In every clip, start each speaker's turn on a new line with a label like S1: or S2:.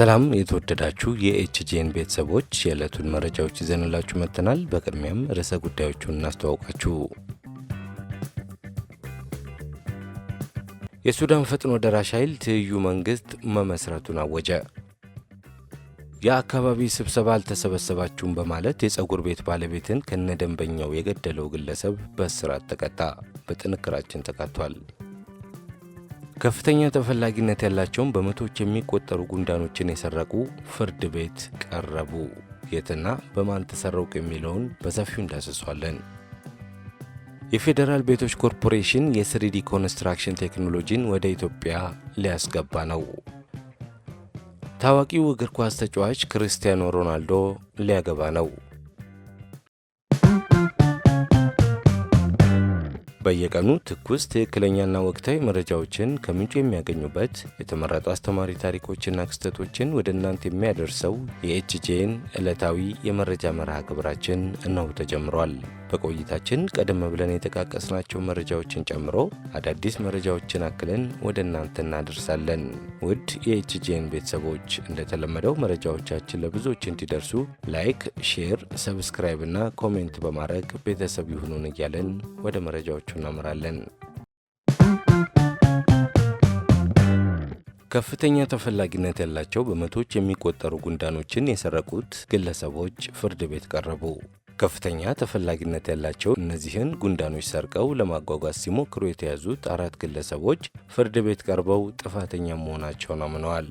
S1: ሰላም የተወደዳችሁ የኤችጂኤን ቤተሰቦች የዕለቱን መረጃዎች ይዘንላችሁ መጥተናል። በቅድሚያም ርዕሰ ጉዳዮቹን እናስተዋውቃችሁ። የሱዳን ፈጥኖ ደራሽ ኃይል ትይዩ መንግሥት መመስረቱን አወጀ። የአካባቢ ስብሰባ አልተሰበሰባችሁም በማለት የፀጉር ቤት ባለቤትን ከነደንበኛው የገደለው ግለሰብ በእስራት ተቀጣ። በጥንክራችን ተካቷል። ከፍተኛ ተፈላጊነት ያላቸውን በመቶዎች የሚቆጠሩ ጉንዳኖችን የሰረቁ ፍርድ ቤት ቀረቡ። የትና በማን ተሰረቁ የሚለውን በሰፊው እንዳስሷለን። የፌዴራል ቤቶች ኮርፖሬሽን የስሪዲ ኮንስትራክሽን ቴክኖሎጂን ወደ ኢትዮጵያ ሊያስገባ ነው። ታዋቂው እግር ኳስ ተጫዋች ክርስቲያኖ ሮናልዶ ሊያገባ ነው። በየቀኑ ትኩስ ትክክለኛና ወቅታዊ መረጃዎችን ከምንጩ የሚያገኙበት የተመረጡ አስተማሪ ታሪኮችና ክስተቶችን ወደ እናንተ የሚያደርሰው የኤችጄን ዕለታዊ የመረጃ መርሃ ግብራችን እነሆ ተጀምሯል። በቆይታችን ቀደም ብለን የጠቃቀስናቸው መረጃዎችን ጨምሮ አዳዲስ መረጃዎችን አክለን ወደ እናንተ እናደርሳለን። ውድ የኤችጂኤን ቤተሰቦች እንደተለመደው መረጃዎቻችን ለብዙዎች እንዲደርሱ ላይክ፣ ሼር፣ ሰብስክራይብ እና ኮሜንት በማድረግ ቤተሰብ ይሁኑን እያለን ወደ መረጃዎቹ እናምራለን። ከፍተኛ ተፈላጊነት ያላቸው በመቶዎች የሚቆጠሩ ጉንዳኖችን የሰረቁት ግለሰቦች ፍርድ ቤት ቀረቡ። ከፍተኛ ተፈላጊነት ያላቸው እነዚህን ጉንዳኖች ሰርቀው ለማጓጓዝ ሲሞክሩ የተያዙት አራት ግለሰቦች ፍርድ ቤት ቀርበው ጥፋተኛ መሆናቸውን አምነዋል።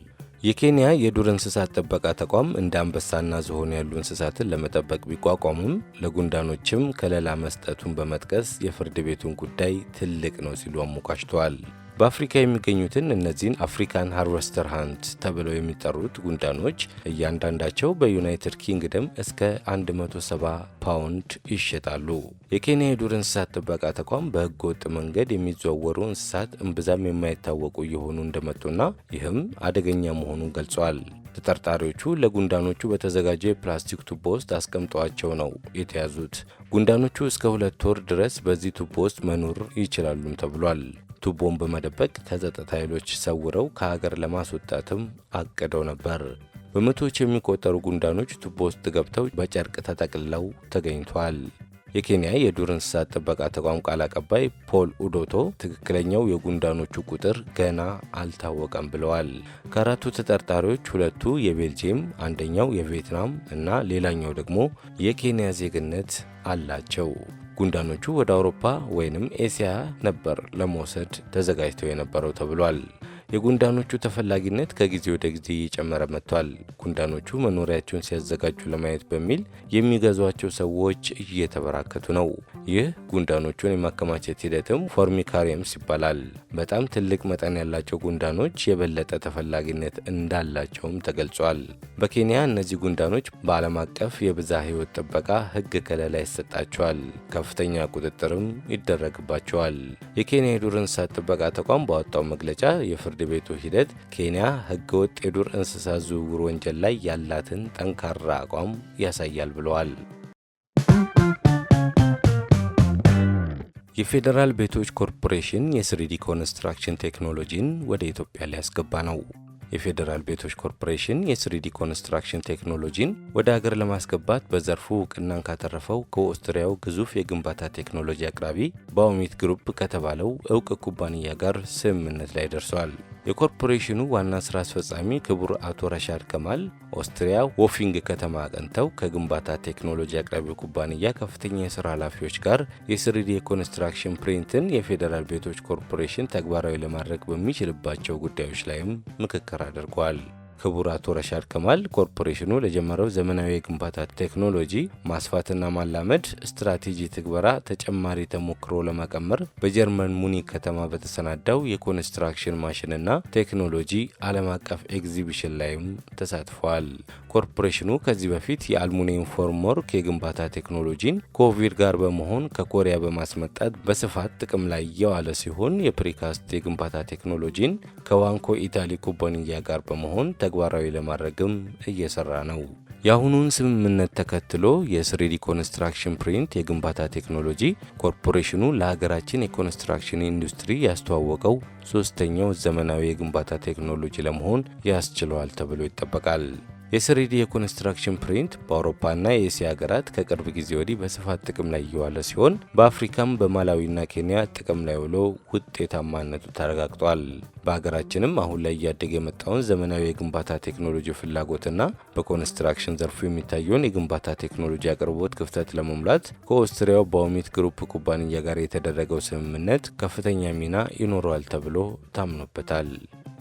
S1: የኬንያ የዱር እንስሳት ጥበቃ ተቋም እንደ አንበሳና ዝሆን ያሉ እንስሳትን ለመጠበቅ ቢቋቋምም ለጉንዳኖችም ከለላ መስጠቱን በመጥቀስ የፍርድ ቤቱን ጉዳይ ትልቅ ነው ሲሉ አሞካሽተዋል። በአፍሪካ የሚገኙትን እነዚህን አፍሪካን ሃርቨስተር ሃንት ተብለው የሚጠሩት ጉንዳኖች እያንዳንዳቸው በዩናይትድ ኪንግደም እስከ 170 ፓውንድ ይሸጣሉ። የኬንያ የዱር እንስሳት ጥበቃ ተቋም በህገወጥ ወጥ መንገድ የሚዘዋወሩ እንስሳት እምብዛም የማይታወቁ እየሆኑ እንደመጡና ይህም አደገኛ መሆኑን ገልጿል። ተጠርጣሪዎቹ ለጉንዳኖቹ በተዘጋጀ የፕላስቲክ ቱቦ ውስጥ አስቀምጠዋቸው ነው የተያዙት። ጉንዳኖቹ እስከ ሁለት ወር ድረስ በዚህ ቱቦ ውስጥ መኖር ይችላሉም ተብሏል። ቱቦን በመደበቅ ከጸጥታ ኃይሎች ሰውረው ከሀገር ለማስወጣትም አቅደው ነበር። በመቶዎች የሚቆጠሩ ጉንዳኖች ቱቦ ውስጥ ገብተው በጨርቅ ተጠቅልለው ተገኝቷል። የኬንያ የዱር እንስሳት ጥበቃ ተቋም ቃል አቀባይ ፖል ኡዶቶ ትክክለኛው የጉንዳኖቹ ቁጥር ገና አልታወቀም ብለዋል። ከአራቱ ተጠርጣሪዎች ሁለቱ የቤልጅየም፣ አንደኛው የቪየትናም እና ሌላኛው ደግሞ የኬንያ ዜግነት አላቸው። ጉንዳኖቹ ወደ አውሮፓ ወይንም ኤስያ ነበር ለመውሰድ ተዘጋጅተው የነበረው ተብሏል። የጉንዳኖቹ ተፈላጊነት ከጊዜ ወደ ጊዜ እየጨመረ መጥቷል። ጉንዳኖቹ መኖሪያቸውን ሲያዘጋጁ ለማየት በሚል የሚገዟቸው ሰዎች እየተበራከቱ ነው። ይህ ጉንዳኖቹን የማከማቸት ሂደትም ፎርሚካሪየምስ ይባላል። በጣም ትልቅ መጠን ያላቸው ጉንዳኖች የበለጠ ተፈላጊነት እንዳላቸውም ተገልጿል። በኬንያ እነዚህ ጉንዳኖች በዓለም አቀፍ የብዝሃ ሕይወት ጥበቃ ሕግ ከለላ ይሰጣቸዋል። ከፍተኛ ቁጥጥርም ይደረግባቸዋል። የኬንያ የዱር እንስሳት ጥበቃ ተቋም ባወጣው መግለጫ የፍርድ የፍርድ ቤቱ ሂደት ኬንያ ህገወጥ የዱር እንስሳት ዝውውር ወንጀል ላይ ያላትን ጠንካራ አቋም ያሳያል ብለዋል። የፌዴራል ቤቶች ኮርፖሬሽን የስሪዲ ኮንስትራክሽን ቴክኖሎጂን ወደ ኢትዮጵያ ሊያስገባ ነው። የፌዴራል ቤቶች ኮርፖሬሽን የስሪዲ ኮንስትራክሽን ቴክኖሎጂን ወደ ሀገር ለማስገባት በዘርፉ እውቅናን ካተረፈው ከኦስትሪያው ግዙፍ የግንባታ ቴክኖሎጂ አቅራቢ ባውሚት ግሩፕ ከተባለው እውቅ ኩባንያ ጋር ስምምነት ላይ ደርሷል። የኮርፖሬሽኑ ዋና ስራ አስፈጻሚ ክቡር አቶ ረሻድ ከማል ኦስትሪያ ወፊንግ ከተማ አቅንተው ከግንባታ ቴክኖሎጂ አቅራቢ ኩባንያ ከፍተኛ የስራ ኃላፊዎች ጋር የስሪዲ የኮንስትራክሽን ፕሪንትን የፌዴራል ቤቶች ኮርፖሬሽን ተግባራዊ ለማድረግ በሚችልባቸው ጉዳዮች ላይም ምክክር አድርጓል። ክቡር አቶ ረሻድ ከማል ኮርፖሬሽኑ ለጀመረው ዘመናዊ የግንባታ ቴክኖሎጂ ማስፋትና ማላመድ ስትራቴጂ ትግበራ ተጨማሪ ተሞክሮ ለመቀመር በጀርመን ሙኒክ ከተማ በተሰናዳው የኮንስትራክሽን ማሽንና ቴክኖሎጂ ዓለም አቀፍ ኤግዚቢሽን ላይም ተሳትፏል። ኮርፖሬሽኑ ከዚህ በፊት የአልሙኒየም ፎርም የግንባታ ቴክኖሎጂን ኮቪድ ጋር በመሆን ከኮሪያ በማስመጣት በስፋት ጥቅም ላይ የዋለ ሲሆን የፕሪካስት የግንባታ ቴክኖሎጂን ከዋንኮ ኢታሊ ኩባንያ ጋር በመሆን ተግባራዊ ለማድረግም እየሰራ ነው። የአሁኑን ስምምነት ተከትሎ የስሪዲ ኮንስትራክሽን ፕሪንት የግንባታ ቴክኖሎጂ ኮርፖሬሽኑ ለሀገራችን የኮንስትራክሽን ኢንዱስትሪ ያስተዋወቀው ሶስተኛው ዘመናዊ የግንባታ ቴክኖሎጂ ለመሆን ያስችለዋል ተብሎ ይጠበቃል። የስሪዲ የኮንስትራክሽን ፕሪንት በአውሮፓና የእስያ ሀገራት ከቅርብ ጊዜ ወዲህ በስፋት ጥቅም ላይ እየዋለ ሲሆን በአፍሪካም በማላዊና ኬንያ ጥቅም ላይ ውሎ ውጤታማነቱ ተረጋግጧል። በሀገራችንም አሁን ላይ እያደገ የመጣውን ዘመናዊ የግንባታ ቴክኖሎጂ ፍላጎትና በኮንስትራክሽን ዘርፉ የሚታየውን የግንባታ ቴክኖሎጂ አቅርቦት ክፍተት ለመሙላት ከኦስትሪያው ባውሚት ግሩፕ ኩባንያ ጋር የተደረገው ስምምነት ከፍተኛ ሚና ይኖረዋል ተብሎ ታምኖበታል።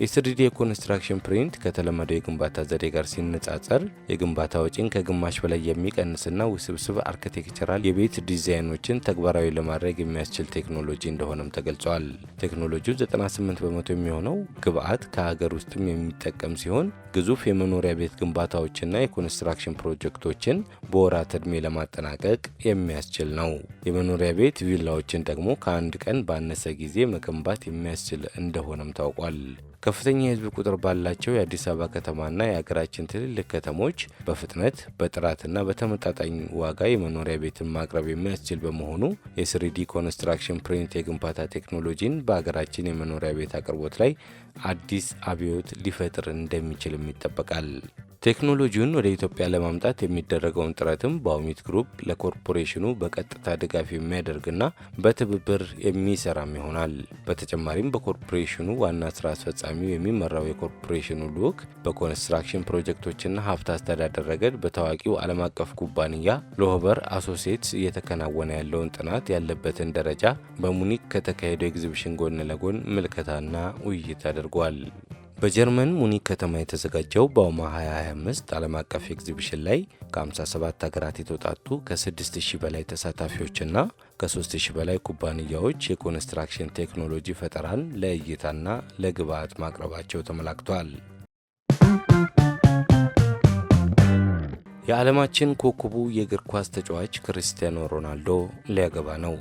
S1: የስሪዲ የኮንስትራክሽን ፕሪንት ከተለመደው የግንባታ ዘዴ ጋር ሲነጻጸር የግንባታ ወጪን ከግማሽ በላይ የሚቀንስና ውስብስብ አርክቴክቸራል የቤት ዲዛይኖችን ተግባራዊ ለማድረግ የሚያስችል ቴክኖሎጂ እንደሆነም ተገልጿል። ቴክኖሎጂው 98 በመቶ የሚሆነው ግብዓት ከሀገር ውስጥም የሚጠቀም ሲሆን ግዙፍ የመኖሪያ ቤት ግንባታዎችና የኮንስትራክሽን ፕሮጀክቶችን በወራት ዕድሜ ለማጠናቀቅ የሚያስችል ነው። የመኖሪያ ቤት ቪላዎችን ደግሞ ከአንድ ቀን ባነሰ ጊዜ መገንባት የሚያስችል እንደሆነም ታውቋል። ከፍተኛ የህዝብ ቁጥር ባላቸው የአዲስ አበባ ከተማና የሀገራችን ትልልቅ ከተሞች በፍጥነት በጥራትና በተመጣጣኝ ዋጋ የመኖሪያ ቤትን ማቅረብ የሚያስችል በመሆኑ የስሪዲ ኮንስትራክሽን ፕሪንት የግንባታ ቴክኖሎጂን በሀገራችን የመኖሪያ ቤት አቅርቦት ላይ አዲስ አብዮት ሊፈጥር እንደሚችልም ይጠበቃል። ቴክኖሎጂውን ወደ ኢትዮጵያ ለማምጣት የሚደረገውን ጥረትም በአውሚት ግሩፕ ለኮርፖሬሽኑ በቀጥታ ድጋፍ የሚያደርግና በትብብር የሚሰራም ይሆናል። በተጨማሪም በኮርፖሬሽኑ ዋና ስራ አስፈጻሚው የሚመራው የኮርፖሬሽኑ ልዑክ በኮንስትራክሽን ፕሮጀክቶችና ሀብት አስተዳደር ረገድ በታዋቂው ዓለም አቀፍ ኩባንያ ሎሆበር አሶሴትስ እየተከናወነ ያለውን ጥናት ያለበትን ደረጃ በሙኒክ ከተካሄደው ኤግዚቢሽን ጎን ለጎን ምልከታና ውይይት አድርጓል። በጀርመን ሙኒክ ከተማ የተዘጋጀው ባውማ 2025 ዓለም አቀፍ ኤግዚቢሽን ላይ ከ57 ሀገራት የተውጣጡ ከ6000 በላይ ተሳታፊዎችና ከ3000 በላይ ኩባንያዎች የኮንስትራክሽን ቴክኖሎጂ ፈጠራን ለእይታና ለግብዓት ማቅረባቸው ተመላክቷል። የዓለማችን ኮከቡ የእግር ኳስ ተጫዋች ክርስቲያኖ ሮናልዶ ሊያገባ ነው።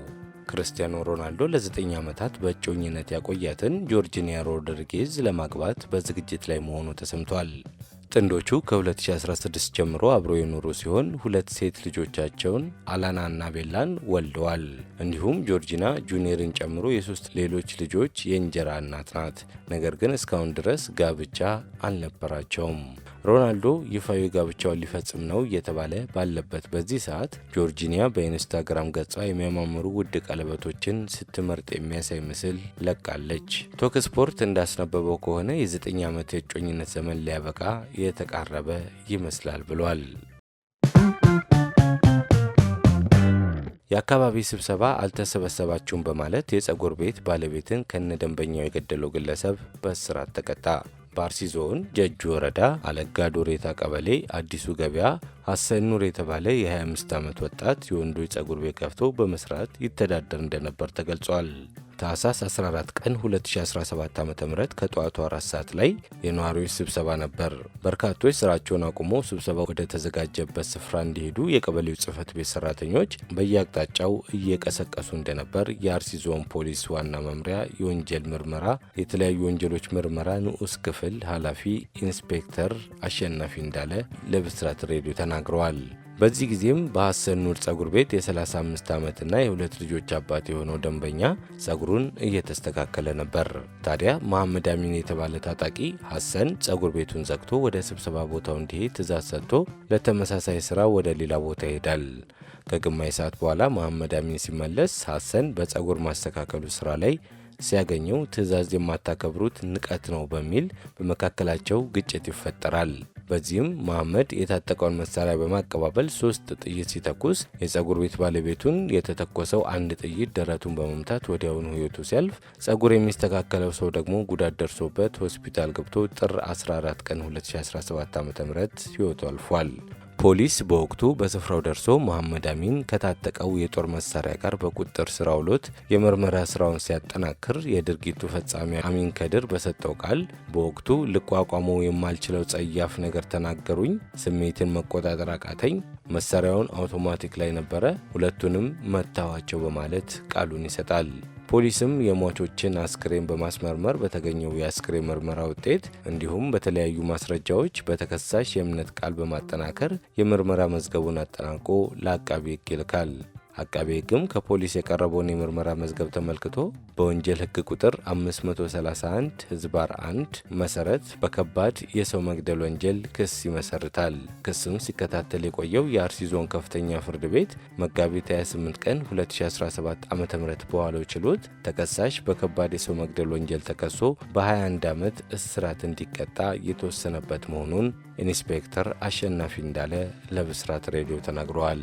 S1: ክርስቲያኖ ሮናልዶ ለዘጠኝ ዓመታት በእጮኝነት ያቆያትን ጆርጂኒያ ሮድሪጌዝ ለማግባት በዝግጅት ላይ መሆኑ ተሰምቷል። ጥንዶቹ ከ2016 ጀምሮ አብረው የኖሩ ሲሆን ሁለት ሴት ልጆቻቸውን አላና እና ቤላን ወልደዋል። እንዲሁም ጆርጂና ጁኒየርን ጨምሮ የሶስት ሌሎች ልጆች የእንጀራ እናት ናት። ነገር ግን እስካሁን ድረስ ጋብቻ አልነበራቸውም። ሮናልዶ ይፋዊ ጋብቻውን ሊፈጽም ነው እየተባለ ባለበት በዚህ ሰዓት ጆርጂኒያ በኢንስታግራም ገጿ የሚያማምሩ ውድ ቀለበቶችን ስትመርጥ የሚያሳይ ምስል ለቃለች። ቶክ ስፖርት እንዳስነበበው ከሆነ የ9 ዓመት የእጮኝነት ዘመን ሊያበቃ የተቃረበ ይመስላል ብሏል። የአካባቢ ስብሰባ አልተሰበሰባችሁም በማለት የጸጉር ቤት ባለቤትን ከነ ደንበኛው የገደለው ግለሰብ በእስራት ተቀጣ። ባርሲ ዞን ጀጁ ወረዳ አለጋ ዶሬታ ቀበሌ አዲሱ ገበያ ሀሰን ኑር የተባለ የ25 ዓመት ወጣት የወንዶች ጸጉር ቤት ከፍቶ በመስራት ይተዳደር እንደነበር ተገልጿል። ታህሳስ 14 ቀን 2017 ዓ ም ከጠዋቱ አራት ሰዓት ላይ የነዋሪዎች ስብሰባ ነበር። በርካቶች ስራቸውን አቁመው ስብሰባው ወደ ተዘጋጀበት ስፍራ እንዲሄዱ የቀበሌው ጽህፈት ቤት ሰራተኞች በየአቅጣጫው እየቀሰቀሱ እንደነበር የአርሲ ዞን ፖሊስ ዋና መምሪያ የወንጀል ምርመራ የተለያዩ ወንጀሎች ምርመራ ንዑስ ክፍል ኃላፊ ኢንስፔክተር አሸናፊ እንዳለ ለብስራት ሬዲዮ ተናግረዋል። በዚህ ጊዜም በሐሰን ኑር ጸጉር ቤት የ35 ዓመትና የሁለት ልጆች አባት የሆነው ደንበኛ ጸጉሩን እየተስተካከለ ነበር። ታዲያ መሐመድ አሚን የተባለ ታጣቂ ሐሰን ጸጉር ቤቱን ዘግቶ ወደ ስብሰባ ቦታው እንዲሄድ ትእዛዝ ሰጥቶ ለተመሳሳይ ስራ ወደ ሌላ ቦታ ይሄዳል። ከግማሽ ሰዓት በኋላ መሐመድ አሚን ሲመለስ ሐሰን በጸጉር ማስተካከሉ ስራ ላይ ሲያገኘው ትእዛዝ የማታከብሩት ንቀት ነው በሚል በመካከላቸው ግጭት ይፈጠራል። በዚህም መሐመድ የታጠቀውን መሳሪያ በማቀባበል ሶስት ጥይት ሲተኩስ የጸጉር ቤት ባለቤቱን የተተኮሰው አንድ ጥይት ደረቱን በመምታት ወዲያውኑ ህይወቱ ሲያልፍ ጸጉር የሚስተካከለው ሰው ደግሞ ጉዳት ደርሶበት ሆስፒታል ገብቶ ጥር 14 ቀን 2017 ዓ ም ህይወቱ አልፏል። ፖሊስ በወቅቱ በስፍራው ደርሶ መሐመድ አሚን ከታጠቀው የጦር መሳሪያ ጋር በቁጥጥር ስር አውሎት የምርመራ ስራውን ሲያጠናክር የድርጊቱ ፈጻሚ አሚን ከድር በሰጠው ቃል በወቅቱ ልቋቋመው የማልችለው ጸያፍ ነገር ተናገሩኝ፣ ስሜትን መቆጣጠር አቃተኝ፣ መሳሪያውን አውቶማቲክ ላይ ነበረ፣ ሁለቱንም መታዋቸው በማለት ቃሉን ይሰጣል። ፖሊስም የሟቾችን አስክሬን በማስመርመር በተገኘው የአስክሬን ምርመራ ውጤት እንዲሁም በተለያዩ ማስረጃዎች በተከሳሽ የእምነት ቃል በማጠናከር የምርመራ መዝገቡን አጠናቆ ለአቃቢ ሕግ ይልካል። አቃቤ ሕግም ከፖሊስ የቀረበውን የምርመራ መዝገብ ተመልክቶ በወንጀል ሕግ ቁጥር 531 ህዝባር 1 መሰረት በከባድ የሰው መግደል ወንጀል ክስ ይመሰርታል። ክስም ሲከታተል የቆየው የአርሲ ዞን ከፍተኛ ፍርድ ቤት መጋቢት 28 ቀን 2017 ዓ ም በዋለው ችሎት ተከሳሽ በከባድ የሰው መግደል ወንጀል ተከሶ በ21 ዓመት እስራት እንዲቀጣ የተወሰነበት መሆኑን ኢንስፔክተር አሸናፊ እንዳለ ለብስራት ሬዲዮ ተናግረዋል።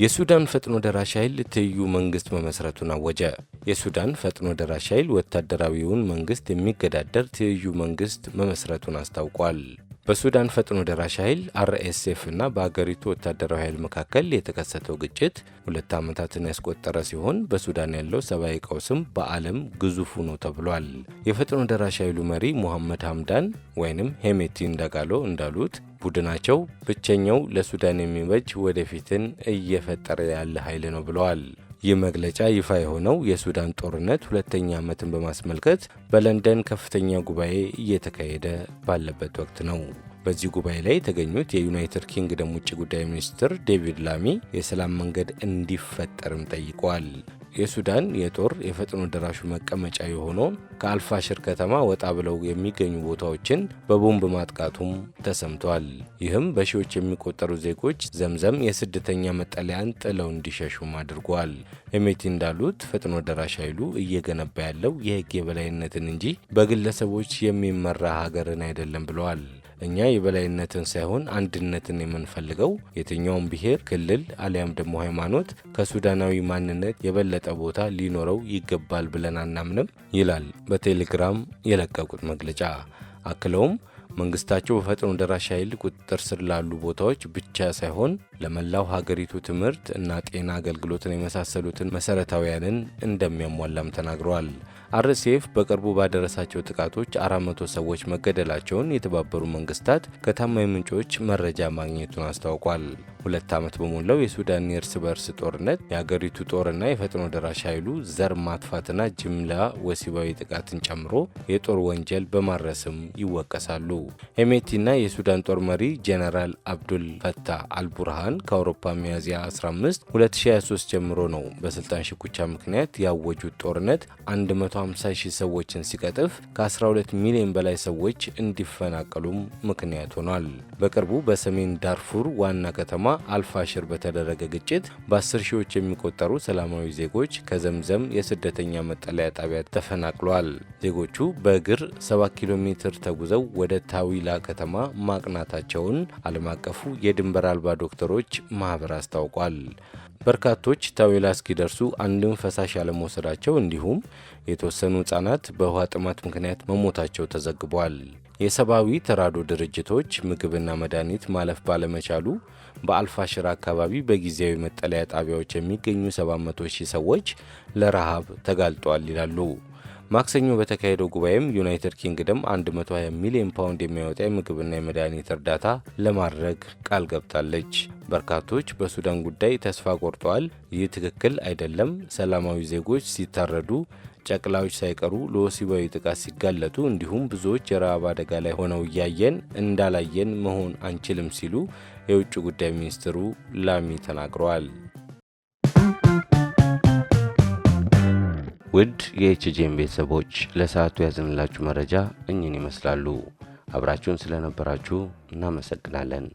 S1: የሱዳን ፈጥኖ ደራሽ ኃይል ትይዩ መንግስት መመስረቱን አወጀ። የሱዳን ፈጥኖ ደራሽ ኃይል ወታደራዊውን መንግስት የሚገዳደር ትይዩ መንግስት መመስረቱን አስታውቋል። በሱዳን ፈጥኖ ደራሽ ኃይል አርኤስኤፍ እና በአገሪቱ ወታደራዊ ኃይል መካከል የተከሰተው ግጭት ሁለት ዓመታትን ያስቆጠረ ሲሆን በሱዳን ያለው ሰብአዊ ቀውስም በዓለም ግዙፉ ነው ተብሏል። የፈጥኖ ደራሽ ኃይሉ መሪ ሙሐመድ ሐምዳን ወይንም ሄሜቲ እንደጋሎ እንዳሉት ቡድናቸው ብቸኛው ለሱዳን የሚበጅ ወደፊትን እየፈጠረ ያለ ኃይል ነው ብለዋል። ይህ መግለጫ ይፋ የሆነው የሱዳን ጦርነት ሁለተኛ ዓመትን በማስመልከት በለንደን ከፍተኛ ጉባኤ እየተካሄደ ባለበት ወቅት ነው። በዚህ ጉባኤ ላይ የተገኙት የዩናይትድ ኪንግደም ውጭ ጉዳይ ሚኒስትር ዴቪድ ላሚ የሰላም መንገድ እንዲፈጠርም ጠይቋል። የሱዳን የጦር የፈጥኖ ደራሹ መቀመጫ የሆኖ ከአልፋሽር ከተማ ወጣ ብለው የሚገኙ ቦታዎችን በቦምብ ማጥቃቱም ተሰምቷል። ይህም በሺዎች የሚቆጠሩ ዜጎች ዘምዘም የስደተኛ መጠለያን ጥለው እንዲሸሹም አድርጓል። ሄሜቲ እንዳሉት ፈጥኖ ደራሽ ኃይሉ እየገነባ ያለው የህግ የበላይነትን እንጂ በግለሰቦች የሚመራ ሀገርን አይደለም ብለዋል። እኛ የበላይነትን ሳይሆን አንድነትን የምንፈልገው የትኛውም ብሔር፣ ክልል አሊያም ደግሞ ሃይማኖት ከሱዳናዊ ማንነት የበለጠ ቦታ ሊኖረው ይገባል ብለን አናምንም ይላል በቴሌግራም የለቀቁት መግለጫ። አክለውም መንግስታቸው በፈጥኖ ደራሽ ኃይል ቁጥጥር ስር ላሉ ቦታዎች ብቻ ሳይሆን ለመላው ሀገሪቱ ትምህርት እና ጤና አገልግሎትን የመሳሰሉትን መሰረታዊያንን እንደሚያሟላም ተናግረዋል። አርሴፍ በቅርቡ ባደረሳቸው ጥቃቶች 400 ሰዎች መገደላቸውን የተባበሩ መንግስታት ከታማኝ ምንጮች መረጃ ማግኘቱን አስታውቋል። ሁለት ዓመት በሞላው የሱዳን የእርስ በእርስ ጦርነት የሀገሪቱ ጦርና የፈጥኖ ደራሽ ኃይሉ ዘር ማጥፋትና ጅምላ ወሲባዊ ጥቃትን ጨምሮ የጦር ወንጀል በማድረስም ይወቀሳሉ። ሄሜቲና የሱዳን ጦር መሪ ጄኔራል አብዱል ፈታ አልቡርሃን ከአውሮፓ ሚያዝያ 15 2023 ጀምሮ ነው በስልጣን ሽኩቻ ምክንያት ያወጁት ጦርነት 150 ሺህ ሰዎችን ሲቀጥፍ ከ12 ሚሊዮን በላይ ሰዎች እንዲፈናቀሉም ምክንያት ሆኗል። በቅርቡ በሰሜን ዳርፉር ዋና ከተማ አልፋሽር በተደረገ ግጭት በአስር ሺዎች የሚቆጠሩ ሰላማዊ ዜጎች ከዘምዘም የስደተኛ መጠለያ ጣቢያ ተፈናቅሏል። ዜጎቹ በእግር 7 ኪሎ ሜትር ተጉዘው ወደ ታዊላ ከተማ ማቅናታቸውን ዓለም አቀፉ የድንበር አልባ ዶክተሮች ማህበር አስታውቋል። በርካቶች ታዊላ እስኪደርሱ አንድም ፈሳሽ ያለመውሰዳቸው እንዲሁም የተወሰኑ ህጻናት በውሃ ጥማት ምክንያት መሞታቸው ተዘግቧል። የሰብአዊ ተራዶ ድርጅቶች ምግብና መድኃኒት ማለፍ ባለመቻሉ በአልፋሽር አካባቢ በጊዜያዊ መጠለያ ጣቢያዎች የሚገኙ 700 ሺህ ሰዎች ለረሃብ ተጋልጠዋል ይላሉ። ማክሰኞ በተካሄደው ጉባኤም ዩናይትድ ኪንግደም 120 ሚሊዮን ፓውንድ የሚያወጣ የምግብና የመድኃኒት እርዳታ ለማድረግ ቃል ገብታለች። በርካቶች በሱዳን ጉዳይ ተስፋ ቆርጠዋል። ይህ ትክክል አይደለም። ሰላማዊ ዜጎች ሲታረዱ፣ ጨቅላዎች ሳይቀሩ ለወሲባዊ ጥቃት ሲጋለጡ፣ እንዲሁም ብዙዎች የረሃብ አደጋ ላይ ሆነው እያየን እንዳላየን መሆን አንችልም ሲሉ የውጭ ጉዳይ ሚኒስትሩ ላሚ ተናግረዋል። ውድ የኤችጂኤም ቤተሰቦች ለሰዓቱ ያዘንላችሁ መረጃ እኝን ይመስላሉ። አብራችሁን ስለነበራችሁ እናመሰግናለን።